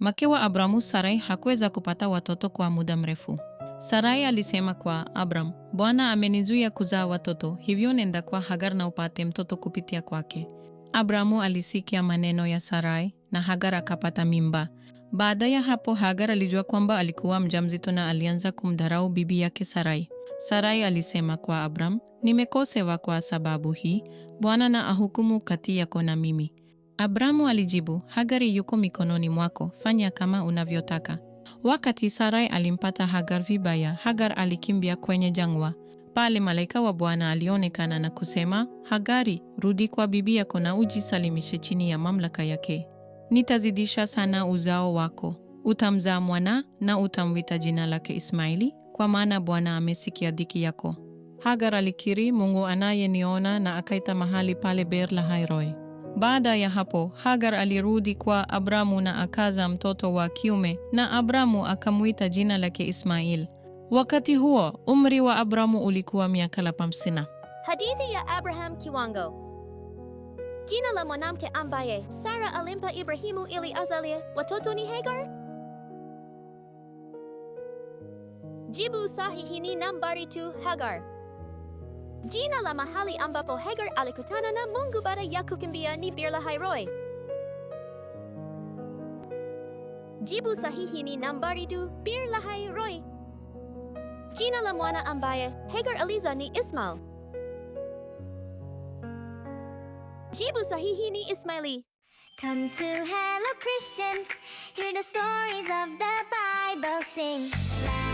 Mke wa Abramu Sarai hakuweza kupata watoto kwa muda mrefu. Sarai alisema kwa Abram, Bwana amenizuia kuzaa watoto, hivyo nenda kwa Hagar na upate mtoto kupitia kwake. Abramu alisikia maneno ya Sarai na Hagar akapata mimba. Baada ya hapo, Hagar alijua kwamba alikuwa mjamzito na alianza kumdharau bibi yake Sarai. Sarai alisema kwa Abram, nimekosewa kwa sababu hii. Bwana na ahukumu kati yako na mimi. Abramu alijibu, Hagari yuko mikononi mwako, fanya kama unavyotaka. Wakati Sarai alimpata Hagar vibaya, Hagar alikimbia kwenye jangwa. Pale malaika wa Bwana alionekana na kusema, Hagari, rudi kwa bibi yako na ujisalimishe chini ya mamlaka yake. Nitazidisha sana uzao wako, utamzaa mwana na utamwita jina lake Ismaili, kwa maana Bwana amesikia dhiki yako. Hagar alikiri, Mungu anayeniona, na akaita mahali pale Beer-lahai-roi. Baada ya hapo, Hagar alirudi kwa Abramu na akaza mtoto wa kiume, na Abramu akamwita jina lake Ismail. Wakati huo umri wa Abramu ulikuwa miaka la hamsini. Hadithi ya Abraham Kiwango. Jina la mwanamke ambaye Sara alimpa Ibrahimu ili azalie watoto ni Hagar. Jibu sahihi ni nambari tu, Hagar. Jina la mahali ambapo Hagar alikutana na Mungu baada ya kukimbia ni lahai Roy. Jibu sahihi ni nambari tu, Roy. Jina la mwana ambaye Hagar aliza ni Ismail. Jibu sahihi ni Ismaili. Come to Hello Christian, hear the stories of the Bible sing.